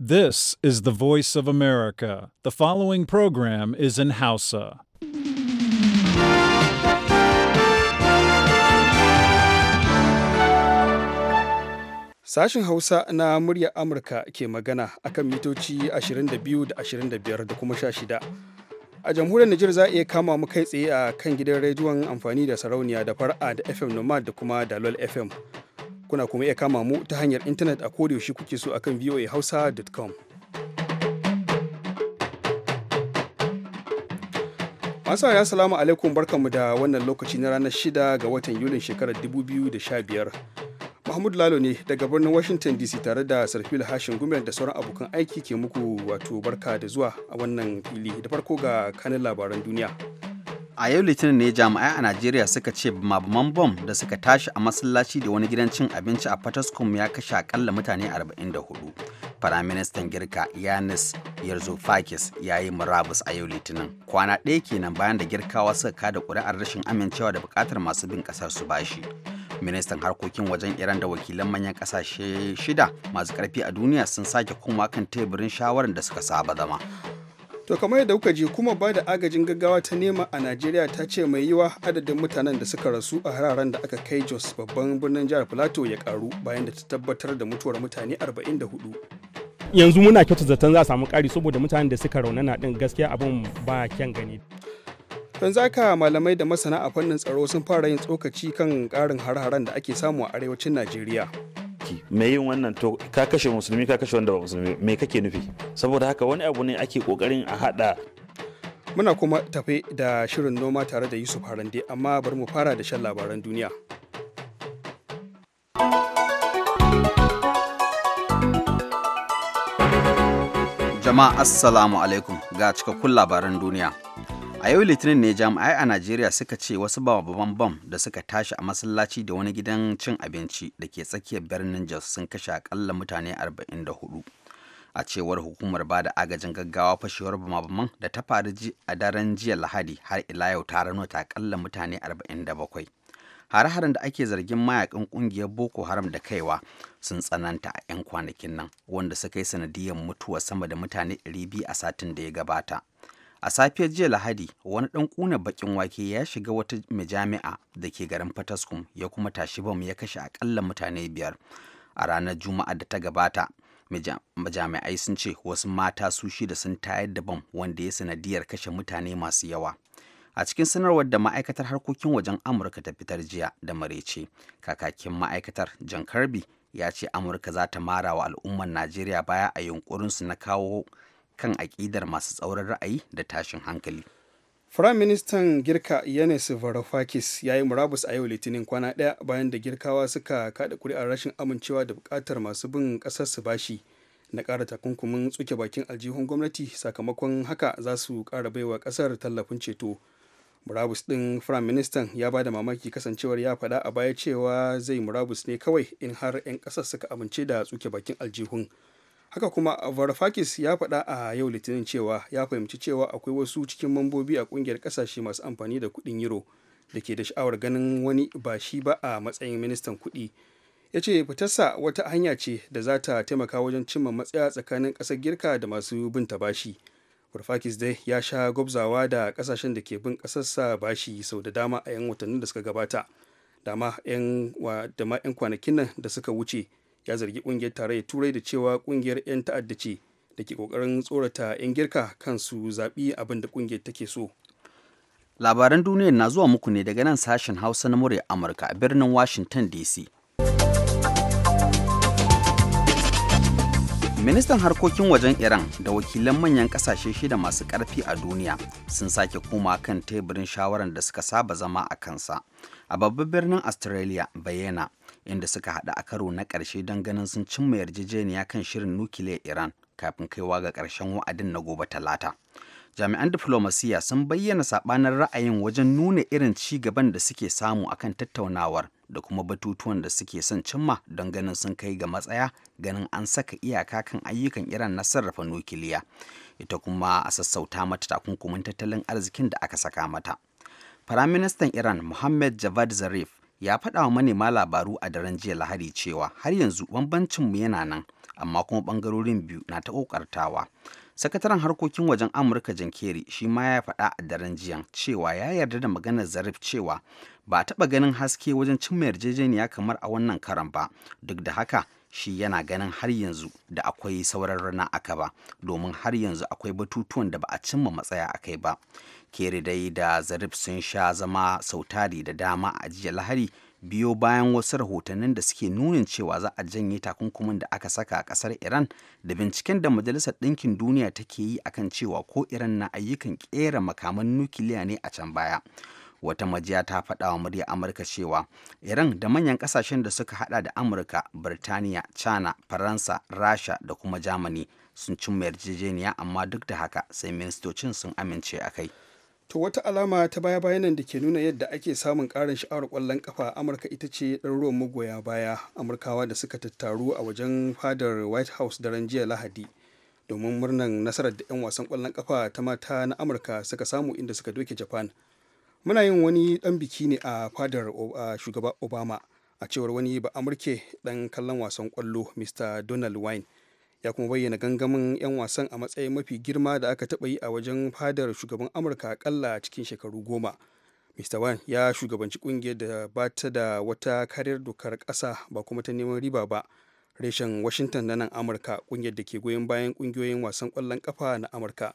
This is the voice of America. The following program is in Hausa. Sashen Hausa na muryar Amurka ke magana akan mitoci 22 da 25 da kuma 16. A jamhuriyar Nijar za a iya kama mu kai tsaye a kan gidan rediyon amfani da sarauniya da far'a da FM Nomad da kuma Dalol FM. kuna kuma iya kama mu ta hanyar intanet a kodayaushe kuke so akan voahausa.com Masu ya salamu alaikum barkanmu da wannan lokaci na ranar 6 ga watan Yulin shekarar 2015. Mahmud Lalo ne daga birnin Washington DC tare da Sarfil Hashin Gumel da sauran abokan aiki ke muku wato barka da zuwa a wannan fili da farko ga kanin labaran duniya. a yau litinin ne jami'ai a najeriya suka ce mabaman bom da suka tashi a masallaci da wani gidan cin abinci a fataskum ya kashe akalla mutane 44 firaministan girka yanis yarzofakis ya yi murabus a yau litinin kwana ɗaya kenan bayan da girkawa suka kada ƙuri'ar rashin amincewa da buƙatar masu bin ƙasar su bashi ministan harkokin wajen iran da wakilan manyan ƙasashe shida masu ƙarfi a duniya sun sake kuma kan teburin shawarar da suka saba zama to kamar yadda kuka ji kuma ba da agajin gaggawa ta nema a najeriya ta ce mai yiwa adadin mutanen da suka rasu a hararen da aka kai jos babban birnin jihar plateau ya karu bayan da ta tabbatar da mutuwar mutane 44 yanzu muna kyautu zaton za a samu kari saboda mutanen da suka rauna raunana din gaskiya abin ba kyan gani yanzu haka malamai da masana a fannin tsaro sun fara yin tsokaci kan karin har-haren da ake samu a arewacin najeriya ciki me yin wannan to ka kashe musulmi ka kashe wanda ba musulmi me kake nufi saboda haka wani abu ne ake kokarin a hada muna kuma tafe da shirin noma tare da yusuf harande amma bari mu fara da shan labaran duniya jama'a assalamu alaikum ga cikakkun labaran duniya a yau litinin ne jami'ai a najeriya suka ce wasu babban bam da suka tashi a masallaci da wani gidan cin abinci da ke tsakiyar birnin jos sun kashe akalla mutane 44 a cewar hukumar ba da agajin gaggawa fashewar bamabaman da ta faru a daren jiya lahadi har ila yau ta rano ta akalla mutane 47 hare-haren da ake zargin mayakan kungiyar boko haram da kaiwa sun tsananta a 'yan kwanakin nan wanda suka yi sanadiyar mutuwa sama da mutane 200 a satin da ya gabata a safiyar jiya lahadi wani ɗan ƙuna bakin wake ya shiga wata majami'a da ke garin fataskum ya kuma tashi bam ya kashe aƙalla mutane biyar a ranar juma'a da ta gabata majami'ai sun ce wasu mata su shida sun tayar da bam wanda ya sanadiyar kashe mutane masu yawa a cikin sanarwar da ma'aikatar harkokin wajen amurka ta fitar jiya da marece kakakin ma'aikatar jan karbi ya ce amurka za ta mara wa al'ummar najeriya baya a yunkurinsu na kawo kan aƙidar masu tsauran ra'ayi da tashin hankali. Firayim Ministan Girka Yanis Varoufakis ya yi murabus a yau Litinin kwana ɗaya bayan da Girkawa suka kaɗa kuri'ar rashin amincewa da buƙatar masu bin ƙasar su bashi na ƙara takunkumin tsuke bakin aljihun gwamnati sakamakon haka za su ƙara baiwa ƙasar tallafin ceto. Murabus ɗin Firayim Ministan ya ba da mamaki kasancewar ya faɗa a baya cewa zai murabus ne kawai in har 'yan ƙasar suka amince da tsuke bakin aljihun. haka kuma varoufakis ya faɗa a yau litinin cewa ya fahimci cewa akwai wasu cikin mambobi a ƙungiyar ƙasashe masu amfani da kuɗin euro da ke da sha'awar ganin wani ba shi ba a matsayin ministan kuɗi ya ce fitarsa wata hanya ce da za ta taimaka wajen cimma matsaya tsakanin ƙasar girka da masu bin ta bashi Varoufakis dai ya sha gwabzawa da ƙasashen da ke bin ƙasarsa bashi sau da dama a 'yan watannin da suka gabata dama 'yan kwanakin nan da suka wuce ya zargi kungiyar tarayyar turai da cewa kungiyar 'yan ta'adda ce da ke kokarin tsorata 'yan girka kansu zaɓi abin da kungiyar take so labaran duniya na zuwa muku ne daga nan sashen hausa na murya amurka a birnin washington dc ministan harkokin wajen iran da wakilan manyan kasashe shida masu karfi a duniya sun sake koma kan teburin shawarar da suka saba zama a kansa a babban birnin australia bayyana. inda suka haɗu a karo na ƙarshe don ganin sun cimma yarjejeniya kan shirin nukiliyar Iran kafin kaiwa ga ƙarshen wa'adin na gobe talata. Jami'an diflomasiyya sun bayyana saɓanin ra'ayin wajen nuna irin ci gaban da suke samu akan tattaunawar da kuma batutuwan da suke son cimma don ganin sun kai ga matsaya ganin an saka iyaka kan ayyukan Iran na sarrafa nukiliya. Ita kuma a sassauta mata takunkumin tattalin arzikin da aka saka mata. Firaministan Iran Mohammed Javad Zarif ya faɗa wa manema labaru a daren jiya lahadi cewa har yanzu bambancinmu yana nan amma kuma ɓangarorin biyu na ta ƙoƙartawa sakataren harkokin wajen amurka jan keri shi ma ya faɗa a daren jiya cewa ya yarda da maganar zarif cewa ba a taɓa ganin haske wajen cimma yarjejeniya kamar a wannan karan ba duk da haka shi yana ganin har yanzu da akwai sauran rana aka ba domin har yanzu akwai batutuwan da ba a cimma matsaya a kai ba kere dai da zarif sun sha zama sautari da dama a jiya lahari biyo bayan wasu rahotannin da suke nunin cewa za a janye takunkumin da aka saka a kasar iran da binciken da majalisar ɗinkin duniya take yi a kan cewa ko iran na ayyukan kera makaman nukiliya ne a can baya wata majiya ta faɗa wa murya amurka cewa iran da manyan ƙasashen da suka hada da amurka birtaniya china faransa rasha da kuma jamani sun cimma yarjejeniya amma duk da haka sai ministocin sun amince a kai To wata alama ta baya bayanan da ke nuna yadda ake samun karin sha'awar kwallon ƙafa Amurka ita ce ruwan magoya baya Amurkawa da suka tattaru a wajen fadar White House daren jiya Lahadi domin murnan nasarar da 'yan wasan ƙwallon ƙafa ta mata na Amurka suka samu inda suka doke Japan. Muna yin wani ɗan biki ne a fadar shugaba Obama a cewar wani ba Amurke ɗan kallon wasan kwallo Mr. Donald Wine. ya kuma bayyana gangamin 'yan wasan a matsayin mafi girma da aka taɓa yi a wajen fadar shugaban amurka akalla cikin shekaru goma mr wan ya shugabanci kungiyar da ba ta da wata kariyar dokar ƙasa ba kuma ta neman riba ba reshen washington na nan amurka kungiyar da ke goyon bayan kungiyoyin wasan kwallon kafa na amurka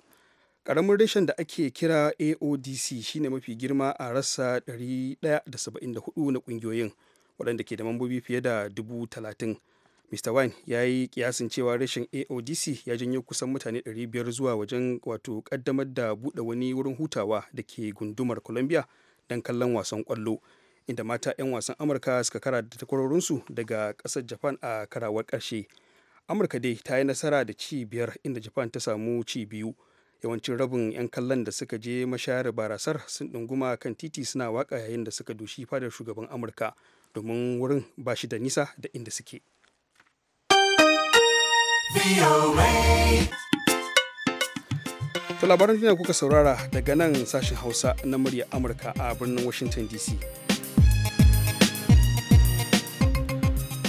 ƙaramin reshen da ake kira aodc shine mafi girma a rasa 174 na kungiyoyin waɗanda ke da mambobi fiye da dubu talatin mr wine ya yi kiyasin cewa rashin aodc ya janyo kusan mutane 500 zuwa wajen wato kaddamar da buɗe wani wurin hutawa da ke gundumar columbia don kallon wasan kwallo inda mata 'yan wasan amurka suka kara da takwarorinsu daga ƙasar japan a karawar ƙarshe amurka dai ta yi nasara da ci biyar inda japan ta samu ci biyu yawancin rabin 'yan kallon da suka je mashayar barasar sun ɗunguma kan titi suna waka yayin da suka dushi fadar shugaban amurka domin wurin ba shi da nisa da inda suke To labaran duniya kuka saurara daga nan sashen Hausa na murya Amurka a birnin Washington DC.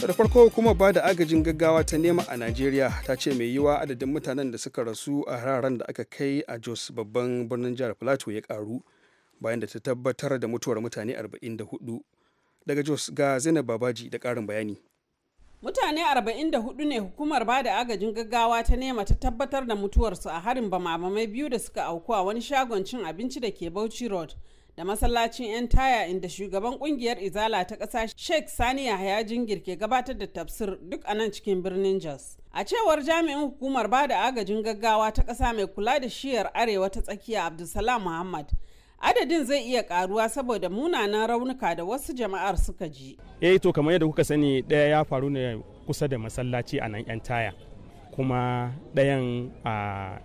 da farko kuma ba da agajin gaggawa ta nema a najeriya ta ce mai yiwa adadin mutanen da suka rasu a hararen da aka kai a jos babban birnin jihar plateau ya karu bayan da ta tabbatar da mutuwar mutane 44 daga jos ga zainab babaji da karin bayani Mutane 44 ne hukumar ba da agajin gaggawa ta nema ta tabbatar da mutuwarsu a harin bamamai biyu da suka auku a wani shagon cin abinci da ke Bauchi Road da masallacin 'yan taya inda shugaban kungiyar Izala ta ƙasa Sheikh Sani Yahaya Jingir ke gabatar da tafsir duk a nan cikin birnin Jos. A cewar jami'in hukumar ba da agajin gaggawa ta ƙasa mai kula da shiyar arewa ta tsakiya Abdulsalam Muhammad. adadin zai iya karuwa saboda munanan raunuka da wasu jama'ar suka ji eh to kamar yadda kuka sani ɗaya ya faru ne kusa da masallaci a nan yan taya kuma ɗayan a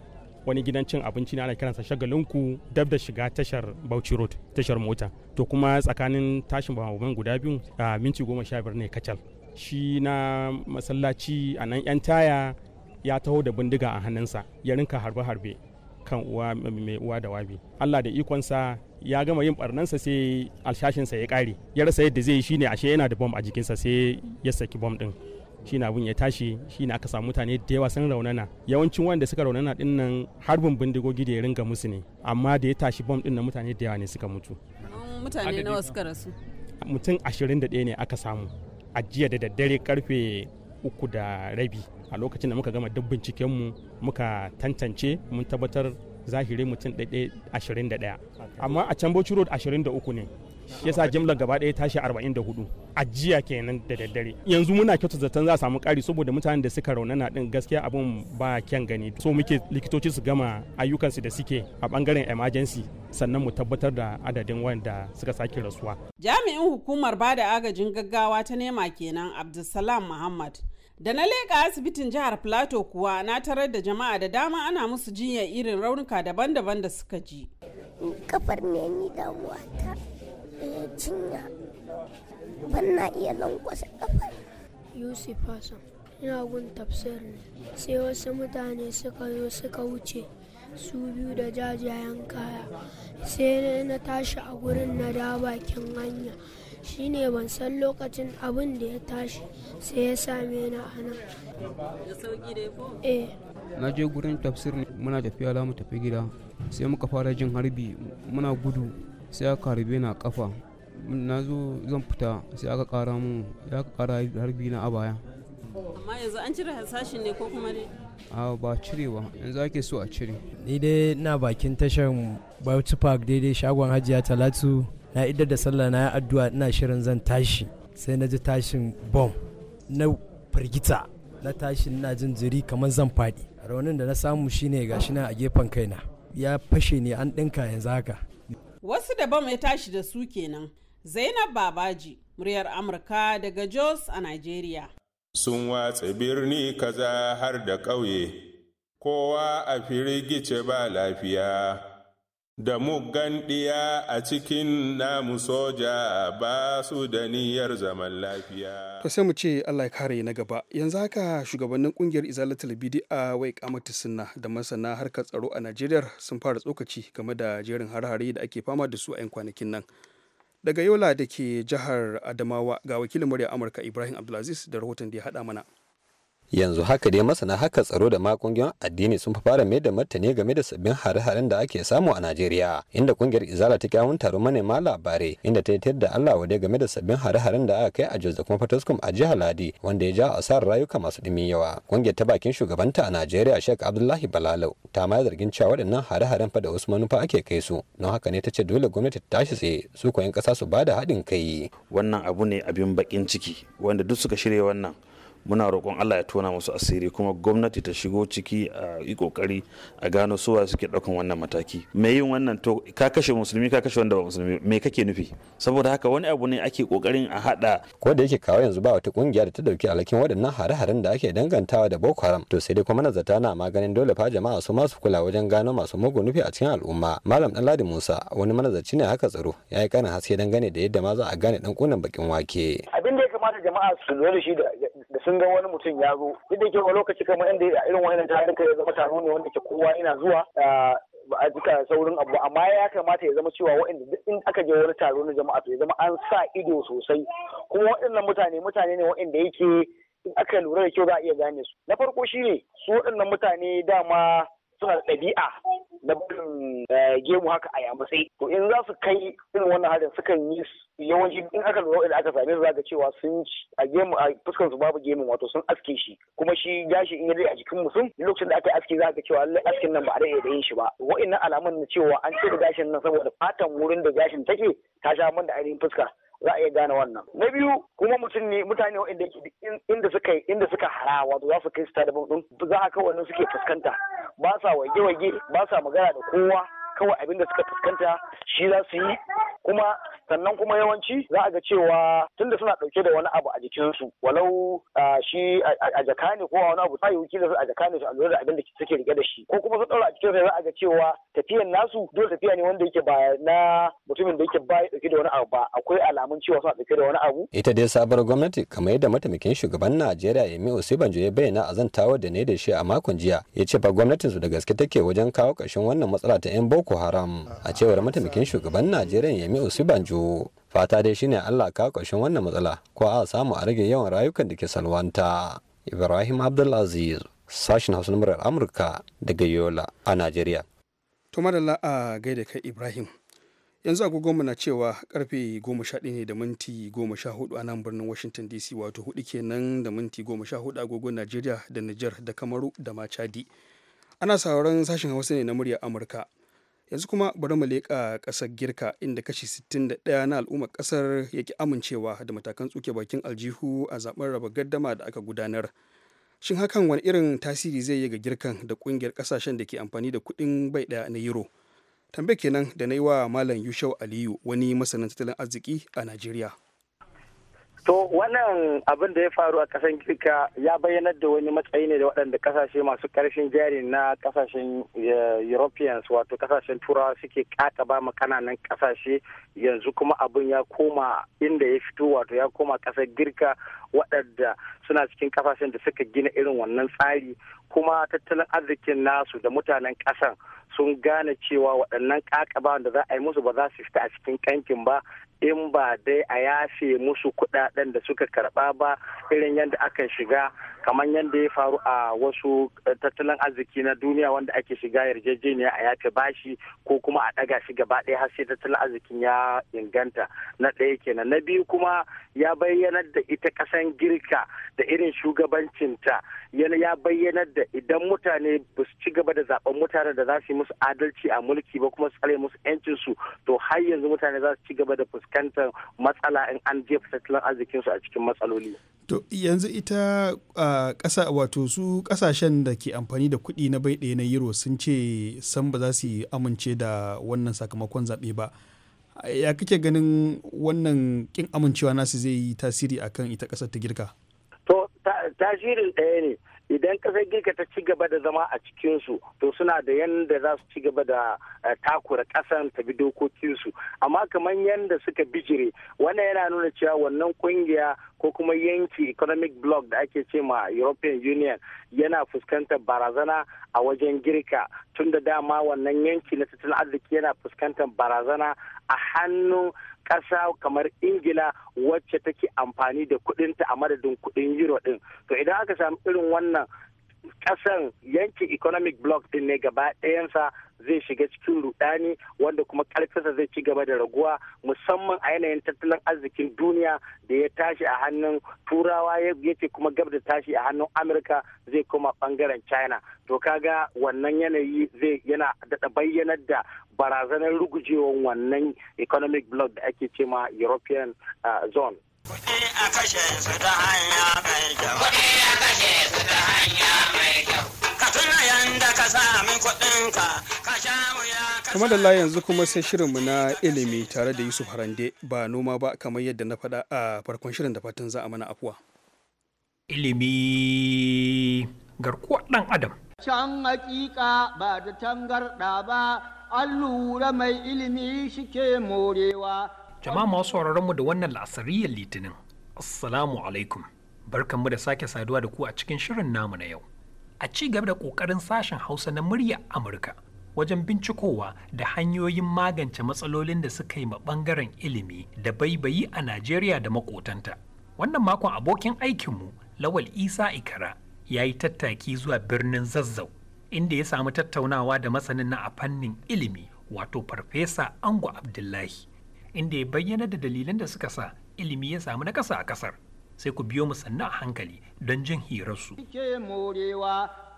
wani gidan cin abinci ne ana kiransa shagalinku dab da shiga tashar bauchi road tashar mota to kuma tsakanin tashin bamaban guda biyu a minti goma sha biyar ne kacal shi na masallaci a nan yan taya ya taho da bindiga a hannunsa ya rinka harbe-harbe kan uwa mai uwa da wabi Allah da ikonsa ya gama yin barnansa sai alshashinsa ya kare ya rasa yadda zai shi ne ashe yana da bom a jikinsa sai ya saki bom din shi abun ya tashi shi aka samu mutane da yawa sun raunana yawancin wanda suka raunana din nan harbin bindigogi da ya ringa musu ne amma da ya tashi bom din nan mutane da yawa ne suka mutu mutane nawa suka rasu mutum 21 ne aka samu a jiya da daddare karfe uku da rabi a lokacin da muka gama duk bincikenmu muka tantance mun tabbatar zahiri mutum ɗaiɗai ashirin da ɗaya amma a can bauchi road ashirin da uku ne shi yasa jimlar gaba ɗaya tashi arba'in da hudu ajiya kenan da daddare yanzu muna kyautu zaton za a samu ƙari saboda mutanen da suka raunana ɗin gaskiya abin ba kyan gani so muke likitoci su gama ayyukansu da suke a bangaren emergency sannan mu tabbatar da adadin wanda suka sake rasuwa jami'in hukumar bada agajin gaggawa ta nema kenan abdulsalam muhammad da na leƙa asibitin jihar plateau kuwa na tarar da jama'a da dama ana musu jinya irin raunuka daban-daban da suka ji kafar ne ni da wata eh, cinya ban na iya lankwasa kafar yusuf hassan ina gun tafsir ne sai wasu mutane suka zo suka wuce su biyu da jajayen kaya sai na tashi a gurin na da bakin hanya shine ban san lokacin abin da ya tashi sai ya same ni a nan eh. na je gurin tafsir muna tafiya za mu tafi gida sai muka fara jin harbi muna gudu sai aka harbe na kafa na zo zan fita sai aka kara mu ya aka kara harbi na a baya amma yanzu an cire hasashin ne ko kuma a ba cire ba yanzu ake so a cire ni dai na bakin tashar bauchi park daidai shagon hajiya talatu na idar da sallah na addu'a ina shirin zan tashi sai na ji tashin bom na firgita na tashi ina jin jiri kamar zan faɗi raunin da na samu shine gashi na a gefen kaina ya fashe ne an ɗinka yanzu haka wasu da bom ya tashi da su kenan zainab babaji muryar amurka daga jos a nigeria sun watsa birni kaza har da ƙauye kowa a firgice ba lafiya da mugan ɗiya a cikin namu soja ba su da niyyar zaman lafiya. To sai mu ce Allah ya kare na gaba. Yanzu haka shugabannin kungiyar Izalatul a wai kamata sunna da masana harkar tsaro a Najeriya sun fara tsokaci game da jerin har-hare da ake fama da su a 'yan kwanakin nan. Daga Yola da ke jihar Adamawa ga wakilin murya Amurka Ibrahim Abdulaziz da rahoton da ya haɗa mana. yanzu haka dai masana haka tsaro da ma addini sun fara mai da martani game da sabbin hare-haren da ake samu a Najeriya inda kungiyar Izala ta kyawun taron manema labarai inda ta yi da Allah wadai game da sabbin hare-haren da aka kai a Jos da kuma Fatoskum a jihar Ladi wanda ya ja asar rayuka masu dimi yawa kungiyar ta bakin shugabanta a Najeriya Sheikh Abdullahi Balalau ta ma zargin cewa waɗannan hare-haren fa da wasu manufa ake kai su don haka ne ta ce dole gwamnati ta tashi tsaye su koyan ƙasa su bada haɗin kai wannan abu ne abin bakin ciki wanda duk suka shirya wannan muna roƙon allah ya tona musu asiri kuma gwamnati ta shigo ciki a yi kokari a gano suwa suke ɗaukan wannan mataki me yin wannan to ka kashe musulmi ka kashe wanda ba musulmi me kake nufi saboda haka wani abu ne ake kokarin a hada ko da yake kawo yanzu ba wata kungiya da ta dauki alhakin waɗannan hare-haren da ake dangantawa da boko haram to sai dai kuma manazata na maganin dole fa jama'a su masu kula wajen gano masu mugun nufi a cikin al'umma malam ladi musa wani manazarci ne haka tsaro ya yi karin haske dangane da yadda ma za a gane dan kunan bakin wake abin da kamata jama'a su lura da shi da sun ga wani mutum ya zo duk da ke wani lokaci kamar inda irin wani tarin ya zama taro ne wanda ke kowa ina zuwa ba a jika saurin abu amma ya kamata ya zama cewa waɗanda duk in aka je wani taro na jama'a to ya zama an sa ido sosai kuma waɗannan mutane mutane ne waɗanda yake in aka lura da kyau za a iya gane su na farko shine su waɗannan mutane dama suna da ɗabi'a na barin eh, gemu haka a yamutse to in za su kai irin wannan harin sukan yi yawanci in aka lura da aka same su zaka cewa sun a gemu a fuskan su babu gemun wato sun aske shi kuma shi gashi in ya a jikin mutum lokacin da aka aske zaka cewa lallai askin nan ba a da yin shi ba wa'annan alamun na cewa an cire gashin nan saboda fatan wurin da gashin take ta sha man da ainihin fuska za a iya gane wannan na biyu kuma mutum ne mutane waɗanda inda suka inda suka hara wato za su kai su ta da za a kawai suke fuskanta ba sa wage-wage ba sa magana da kowa kawai abin da suka fuskanta shi za su yi kuma sannan kuma yawanci za a ga cewa tun da suna dauke da wani abu a jikinsu walau shi a jaka ne ko wani abu sai wuki da su a jaka ne su lura da abin da suke rike da shi ko kuma su daura a cikin za a ga cewa tafiyan nasu dole tafiya ne wanda yake ba na mutumin da yake ba ya dauke da wani abu ba akwai alamun cewa suna dauke da wani abu ita dai sabar gwamnati kamar yadda mataimakin shugaban Najeriya Yemi Osibanjo ya bayyana a zantawa da ne da shi a makon jiya ya ce ba gwamnatin su da gaske take wajen kawo ƙarshen wannan matsala ta 'yan boko boko haram a cewar mataimakin shugaban najeriya yemi osibanjo fata dai shine allah ka ƙarshen wannan matsala ko a samu a rage yawan rayukan da ke salwanta ibrahim abdulaziz sashen hausa na amurka daga yola a najeriya to madalla a gaida kai ibrahim yanzu agogonmu na cewa karfe 11 ne da minti 14 a nan birnin washington dc wato hudu kenan da minti goma sha 14 agogon najeriya da niger da kamaru da ma chadi ana sauran sashen hausa ne na murya amurka yanzu kuma bari mu leƙa ƙasar girka inda kashi 61 na al'ummar ƙasar yake amincewa da matakan tsuke bakin aljihu a zaben raba gaddama da aka gudanar shin hakan wani irin tasiri zai yi ga girkan da ƙungiyar ƙasashen da ke amfani da kuɗin bai ɗaya na euro tambayar kenan da na yi wa malam yushau aliyu wani masanin tattalin arziki a najeriya To wannan abin da ya faru a kasan Girka ya bayyanar da wani matsayi ne da waɗanda kasashe masu ƙarshen jari na kasashen eh, Europeans wato kasashen turawa suke ba ma kananan kasashe yanzu kuma abin ya koma inda ya fito wato ya koma ƙasar Girka waɗanda suna cikin kasashen da suka gina irin wannan tsari kuma tattalin arzikin nasu da mutanen kasan sun gane cewa waɗannan ƙaƙaba da za a yi musu ba za su fita a cikin ƙankin ba in ba dai a yafe musu kuɗaɗen da suka karɓa ba irin yadda aka shiga kamar yadda ya faru a wasu eh, tattalin arziki na duniya wanda ake shiga yarjejeniya a yafe bashi ko kuma a ɗaga shi gaba ɗaya har sai tattalin arzikin ya inganta na ɗaya kenan na biyu kuma ya bayyanar da ita ƙasan girka da irin shugabancinta ya bayyanar yadda idan mutane ba su ci gaba da zaben mutane da za su yi musu adalci a mulki ba kuma su tsare musu yancin su to har yanzu mutane za su ci gaba da fuskantar matsala in an jefa tattalin arzikin su a cikin matsaloli to yanzu ita ƙasa wato su ƙasashen da ke amfani da kuɗi na bai ɗaya na euro sun ce san ba za su amince da wannan sakamakon zaɓe ba ya kake ganin wannan kin amincewa nasu zai yi tasiri akan ita ƙasar ta girka to tasirin ɗaya ne idan ƙasar girka ta ci gaba da zama a cikinsu to suna da yadda za su ci gaba da eh, takura kasan ta bi dokokinsu amma kamar yadda suka bijire wannan yana nuna cewa wannan kungiya ko kuma yanki economic bloc da ake ce ma european union yana fuskantar barazana a wajen girka tunda da dama wannan yanki na tattalin arziki yana fuskantar barazana a hannun ƙasa kamar ingila wacce take amfani da kuɗinta a madadin kuɗin euro ɗin to idan aka samu irin wannan kasan yankin economic block din ne gaba ɗayansa zai shiga cikin rudani wanda kuma karfinsa zai ci gaba da raguwa musamman a yanayin tattalin arzikin duniya da ya tashi a hannun turawa yake kuma gab da tashi a hannun amurka zai koma bangaren china to kaga wannan yanayi zai yana daɗa bayyanar da barazanar rugujewan wannan economic block da ake cema european ah, zone Kuɗi a Kuma da yanzu kuma sai shirinmu na ilimi tare da Yusuf Harande ba noma ba kamar yadda na faɗa a farkon shirin da fatan za a mana afuwa. Ilimi garkuwar ɗan Adam. Can hakika ba da tangarɗa ba, an lura mai ilimi shike morewa. Jama'a masu sauraronmu da wannan la'asariyar litinin. Assalamu alaikum. Barkanmu da sake saduwa da ku a cikin shirin namu na yau. A ci gaba da ƙoƙarin sashen Hausa na murya Amurka wajen bincikowa da hanyoyin magance matsalolin da suka yi ma ɓangaren ilimi da baibayi a Najeriya da makotanta. Wannan makon abokin aikinmu Lawal Isa Ikara ya yi tattaki zuwa birnin Zazzau inda ya samu tattaunawa da masanin na a fannin ilimi wato Farfesa Ango Abdullahi. inda ya bayyana da dalilan da suka sa ilimi ya samu na ƙasa a ƙasar sai ku biyo mu sannu a hankali don jin hirarsu.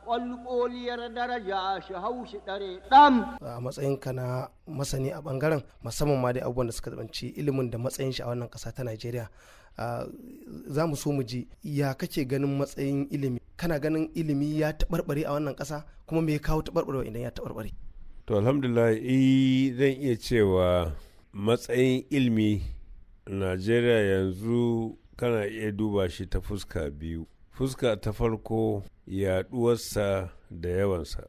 kwalkoliyar daraja shi haushi dare a matsayin ka na masani a bangaren musamman ma dai abubuwan da suka zabanci ilimin da matsayin shi a wannan kasa ta Najeriya za mu so mu ji ya kake ganin matsayin ilimi kana ganin ilimi ya taɓarɓare a wannan kasa kuma me ya kawo taɓarɓarewa idan ya taɓarɓare to alhamdulillah eh, zan iya cewa matsayin ilmi najeriya yanzu kana iya duba shi ta fuska biyu fuska ta farko yaduwarsa da yawansa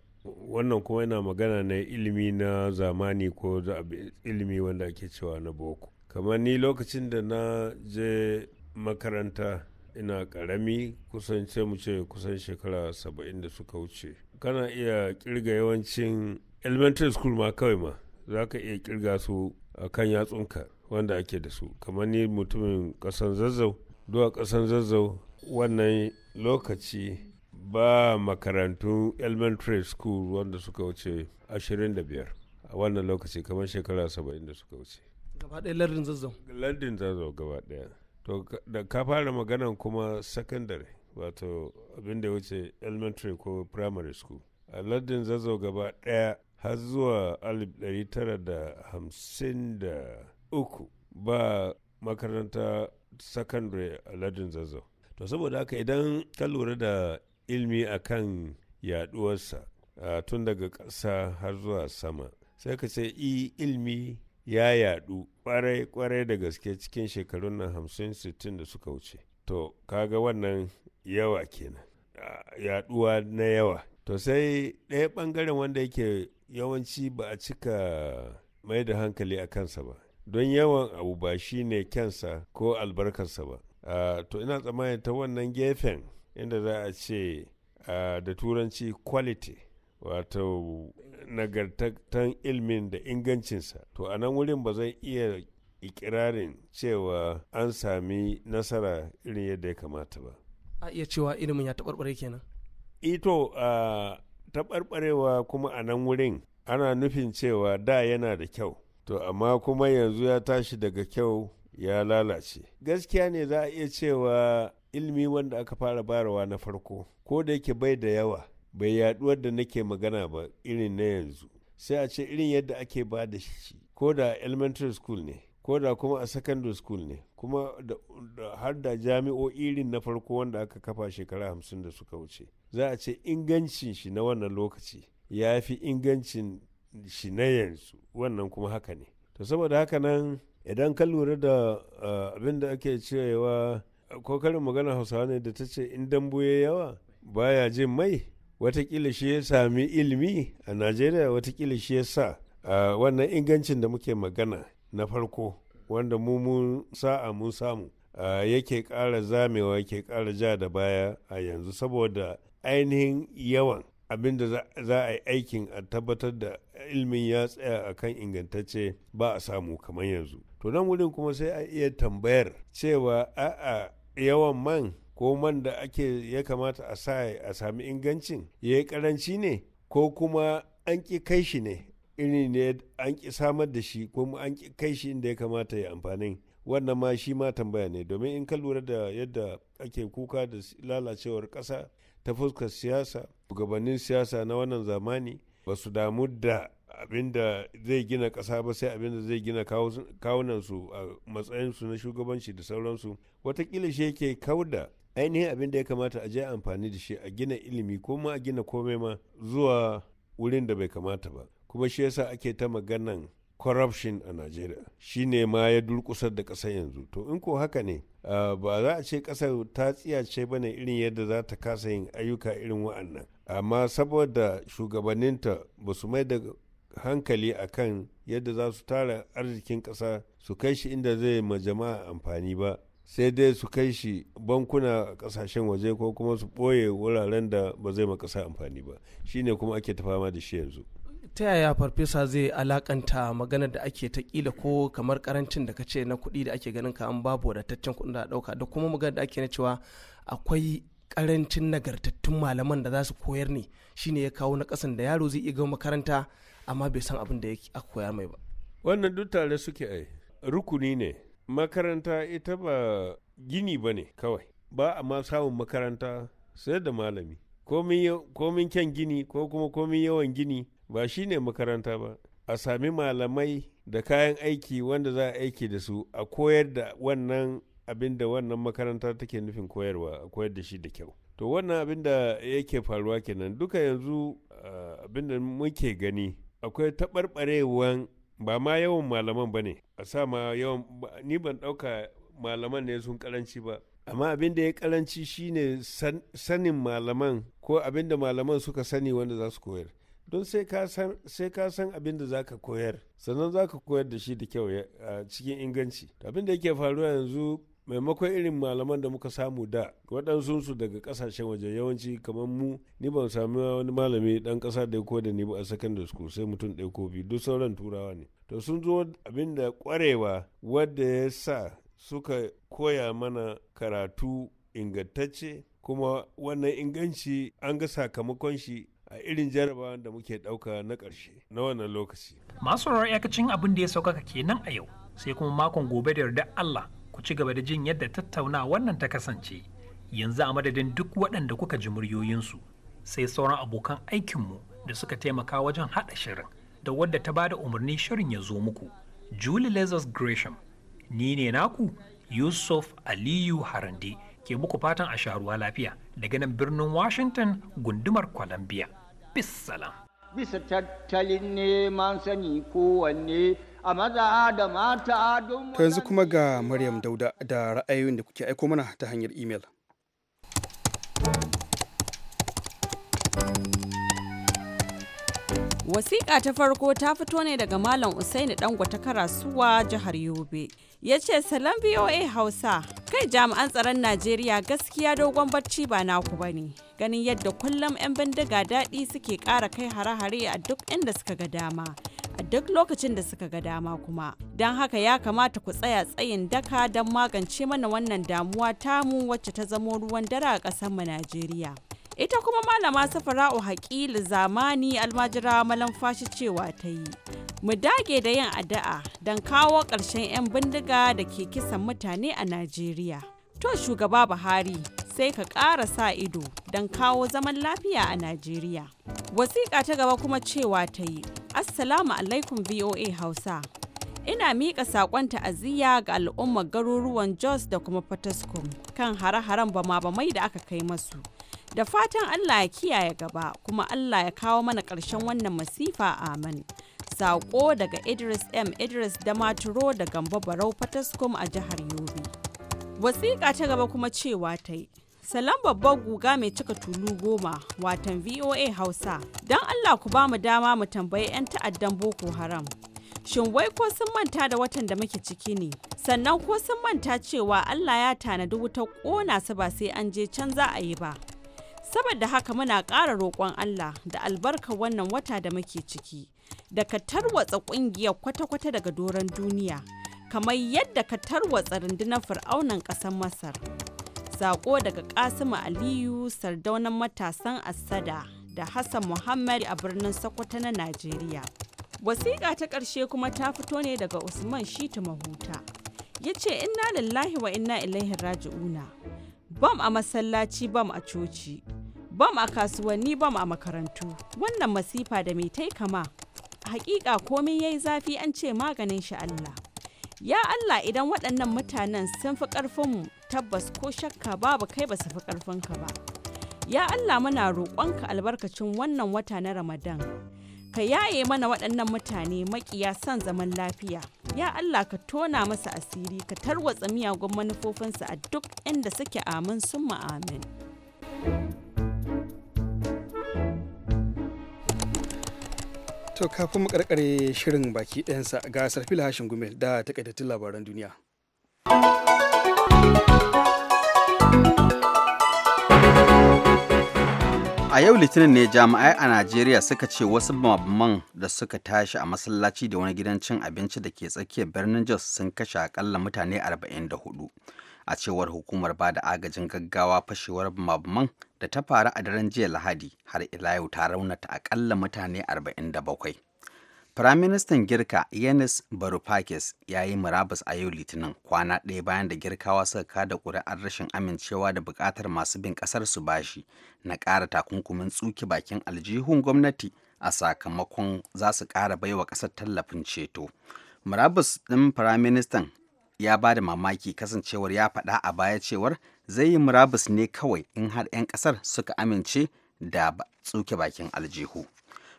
wannan kuma yana magana na ilimi na zamani ko ilimi wanda ake cewa na boko kamar ni lokacin da na je makaranta ina karami kusan mu ce kusan shekara saba'in da suka wuce kana iya kirga yawancin elementary school ma kawai ma za ka iya kirga su A kan yatsunka wanda ake da su kamar ni mutumin kasan zazzau duwa kasan zazzau wannan lokaci ba makarantu elementary school wanda suka wuce 25 a wannan lokaci kamar shekara 70 da suka wuce gabaɗaya lardin zazzau lardin zazzau gabaɗaya to da ka fara maganan kuma secondary wato abin da wuce elementary ko primary school a lardin zazzau gaba ɗaya har zuwa 1953 ba makaranta secondary a ladin zazzau to saboda haka idan ka lura da ilmi a kan yaduwarsa tun daga ƙasa har zuwa sama sai ka ce i ilmi ya yadu kwarai-kwarai da gaske cikin shekarun nan hamsin sittin da suka wuce to kaga wannan yawa kenan yaduwa na yawa to sai ɗaya ɓangaren wanda yake yawanci ba a cika mai da hankali a kansa ba don yawan abu ba shi ne kyansa ko albarkarsa ba to ina tsammani ta wannan gefen inda za a ce da turanci quality wato nagartattan ilmin da ingancinsa to a nan wurin ba zan iya ikirarin cewa an sami nasara irin yadda ya kamata ba a iya cewa ilimin ya taɓarɓare kenan ito e taɓarɓarewa kuma a nan wurin ana nufin cewa da yana da kyau to amma kuma yanzu ya tashi daga kyau ya lalace gaskiya ne za a iya cewa ilmi wanda aka fara barawa na farko ko da yake bai da yawa bai yaduwar da nake magana ba irin na yanzu sai a ce irin yadda ake ba da shi ko da elementary school ne ko da kuma a secondary school ne kuma har da jami'o irin na farko wanda aka kafa shekara hamsin da suka wuce za a ce ingancin shi na wannan lokaci ya fi ingancin shi na yanzu wannan kuma haka ne to saboda haka nan idan ka lura da eh, abin da ake cewa ko karin magana hausawa ne da ta ce in dambu ya yawa baya jin mai watakila shi ya sami ilimi a najeriya watakila shi ya sa eh, wannan ingancin da muke magana na farko wanda mu mun sa'a mun samu eh, yake ƙara zamewa yake ƙara ja da baya a yanzu saboda ainihin yawan abin da za a yi aikin a tabbatar da ilimin ya tsaya a kan ingantacce ba a samu kamar yanzu to nan wurin kuma sai a iya tambayar cewa a'a yawan man ko man da ake ya kamata a sa a sami ingancin ya yi karanci ne ko kuma an ƙi kai shi ne iri ne an ƙi samar da shi ko an ƙi kai shi inda ya kamata ya amfanin wannan ma shi ma tambaya ne domin in ka lura da yadda ake kuka da lalacewar ƙasa ta fuskar siyasa shugabannin siyasa na wannan zamani ba su damu da abin da zai gina kasa ba sai abin da zai gina kawunansu a matsayinsu na shugabanci da sauransu watakila shi yake kauda ainihin abin da ya kamata a je amfani da shi a gina ilimi ko ma a gina komai ma zuwa wurin da bai kamata ba kuma shi yasa ake ta maganan corruption a Najeriya shi ne ma ya durkusar da ƙasar yanzu to in ko haka ne ba za a ce ƙasar ta tsiyace ba ne irin yadda za ta kasa yin ayyuka irin wa'annan amma saboda shugabanninta ba su mai da hankali a kan yadda za su tara arzikin ƙasa su kai shi inda zai ma jama'a amfani ba sai dai su kai shi bankuna a ƙasashen waje ko kuma su ɓoye wuraren da ba zai ma ƙasa amfani ba shine kuma ake ta fama da shi yanzu ta yaya farfesa zai alakanta maganar da ake ta kila ko kamar karancin da ka ce na kuɗi da ake ganin ka an babu wadataccen kuɗin da ɗauka da kuma maganar da ake na cewa akwai karancin nagartattun malaman da za su koyar ne shine ya kawo na kasan da yaro zai iya gama makaranta amma bai san abin da aka koya mai ba wannan duk tare suke ai rukuni ne makaranta ita ba gini ba ne kawai ba a ma samun makaranta sai da malami komin kyan gini ko kuma komin yawan gini ba shi ne makaranta ba a sami malamai da kayan aiki wanda za a aiki da su a koyar da wannan abin da wannan makaranta take nufin koyarwa a koyar da shi da kyau to wannan abin da yake faruwa kenan duka yanzu abin da muke gani akwai taɓarɓarewan ba ma yawan malaman ba ne a sa ma yawan ni ban ɗauka malaman ne sun karanci ba amma abin da ya karanci shine sanin malaman ko abin da malaman suka sani wanda za su koyar don sai ka san abin da za ka koyar sannan za ka koyar da shi da kyau a cikin inganci abin da yake faruwa yanzu maimakon irin malaman da muka samu da su daga ƙasashen waje yawanci kamar mu ni ban sami wani malami ɗan ƙasa da ko da ni ba a secondary school sai mutum ɗaya ko biyu duk sauran turawa ne to sun zo abin da ƙwarewa wadda ya sa suka koya mana karatu ingantacce kuma wannan inganci an ga sakamakon shi a irin jarabawan da muke ɗauka na ƙarshe na wannan lokaci. Masu rawar yakacin abin da ya saukaka kenan a yau sai kuma makon gobe da yarda Allah ku ci gaba da jin yadda tattauna wannan ta kasance yanzu a madadin duk waɗanda kuka ji muryoyinsu sai sauran abokan aikinmu da suka taimaka wajen haɗa shirin da wadda ta bada umarni shirin ya zo muku. Julie Lazarus Gresham ni ne naku Yusuf Aliyu Harande ke muku fatan a sharuwa lafiya daga nan birnin Washington gundumar Columbia. bisalam. Bisa tattalin neman sani kowanne a maza da mata don To yanzu kuma ga Maryam Dauda da ra'ayoyin da kuke aiko mana ta hanyar imel. Wasiƙa ta farko ta fito ne daga Malam Usaini Dangwata Karasuwa jihar Yobe. Ya ce salam VOA Hausa, kai jami'an tsaron Najeriya gaskiya dogon barci ba naku ba ne Ganin yadda kullum 'yan bindiga daɗi suke ƙara kai hare-hare a duk inda suka ga dama. a duk lokacin da suka ga dama kuma don haka ya kamata ku tsaya tsayin daka don magance mana wannan damuwa tamu wacce ta zamo ruwan dare a ƙasarmu najeriya ita kuma malama safara'u haƙili zamani almajira malamfashi cewa ta yi mu dage da yin addu'a don kawo ƙarshen 'yan bindiga da ke kisan mutane a najeriya to shugaba buhari sai ka ƙara sa ido don kawo zaman lafiya a najeriya wasiƙa ta gaba kuma cewa ta yi assalamu alaikum voa hausa ina miƙa saƙon ta'aziyya ga al'ummar garuruwan jos da kuma fataskum kan hare-haren bama-bamai da aka kai masu Da fatan Allah ya kiyaye gaba kuma Allah ya kawo mana ƙarshen wannan masifa amin. Saƙo daga Idris M. Idris Damaturo da Gambo Barau Fataskum a jihar Yobe. Wasiƙa ta gaba kuma cewa ta yi. Salam babbar guga mai cika tulu goma watan VOA Hausa. Don Allah ku ba mu dama mu tambayi 'yan ta'addan Boko Haram. Shin wai ko sun manta da watan da muke ciki ne? Sannan ko sun manta cewa Allah ya tanadi wutar ƙona su ba sai an je can za a yi ba. saboda haka muna ƙara roƙon Allah da albarka wannan wata da muke ciki da ka tarwatsa ƙungiyar kwata-kwata daga doron duniya kamar yadda ka tarwatsa rundunar fir'aunan ƙasar masar zaƙo daga kasimu aliyu sardaunan matasan assada da hassan muhammad a birnin sokoto na najeriya wasiƙa ta ƙarshe kuma ta fito ne daga usman shitu mahuta ya ce inna lillahi wa inna ilaihin raji'una bam a masallaci bam a coci bam a kasuwanni bam a makarantu wannan masifa da mai tai kama hakika komai yayi zafi an ce maganin shi Allah ya Allah idan waɗannan mutanen sun fi ƙarfinmu tabbas ko shakka babu kai ba su fi ka ba ya Allah muna roƙonka albarkacin wannan wata na Ramadan ka yaye mana waɗannan mutane makiya son zaman lafiya ya Allah ka tona masa asiri ka tarwatsa miyagun manufofinsu a duk inda suke amin sun amin. To kafin mu karkare shirin baki ɗayansa ga Sarfil hashin Gumel da takaitattun labaran duniya. A yau Litinin ne jami'ai a Najeriya suka ce wasu mabman da suka tashi a masallaci da wani gidan cin abinci da ke tsakiyar birnin Jos sun kashe akalla mutane 44. A cewar hukumar ba da agajin gaggawa fashewar mabman da ta faru a daren jiya Lahadi har ila yau ta raunata akalla mutane 47. Firaministan Girka Yanis barufakis ya yi murabus a yau Litinin kwana ɗaya bayan da Girkawa suka kada ƙuri'ar rashin amincewa da buƙatar masu bin ƙasar su bashi na ƙara takunkumin tsuki bakin aljihun gwamnati a sakamakon za su ƙara baiwa ƙasar tallafin ceto. Murabus ɗin Firaministan ya ba da mamaki kasancewar ya faɗa a baya cewar zai yi murabus ne kawai in har 'yan kasar suka amince da tsuke bakin aljihu.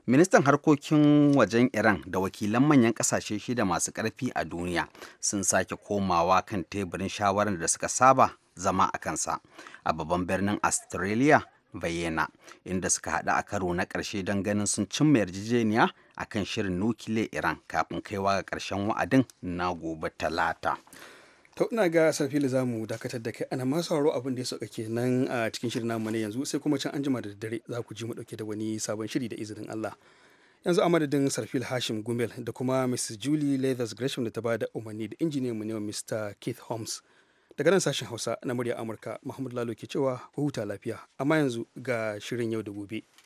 Ministan harkokin wajen Iran da wakilan manyan ƙasashe shida masu karfi a duniya sun sake komawa kan teburin shawarar da suka saba zama a kansa a babban birnin Australia bayyana inda suka haɗu a karo na ƙarshe don ganin sun cimma yarjejeniya a kan shirin nukile Iran kafin kaiwa ga ƙarshen wa'adin na gobe talata. to ina ga sarfili za mu dakatar da kai ana masu haro abin da ya sauka ke nan a cikin shirin namu ne yanzu sai kuma can anjima da daddare za ku ji mu dauke da wani sabon shiri da izinin Allah yanzu a madadin sarfil hashim gumel da kuma mrs julie leathers gresham da ta bada umarni da injiniyan mu ne mr keith holmes daga nan sashen hausa na murya amurka muhammadu lalo ke cewa huta lafiya amma yanzu ga shirin yau da gobe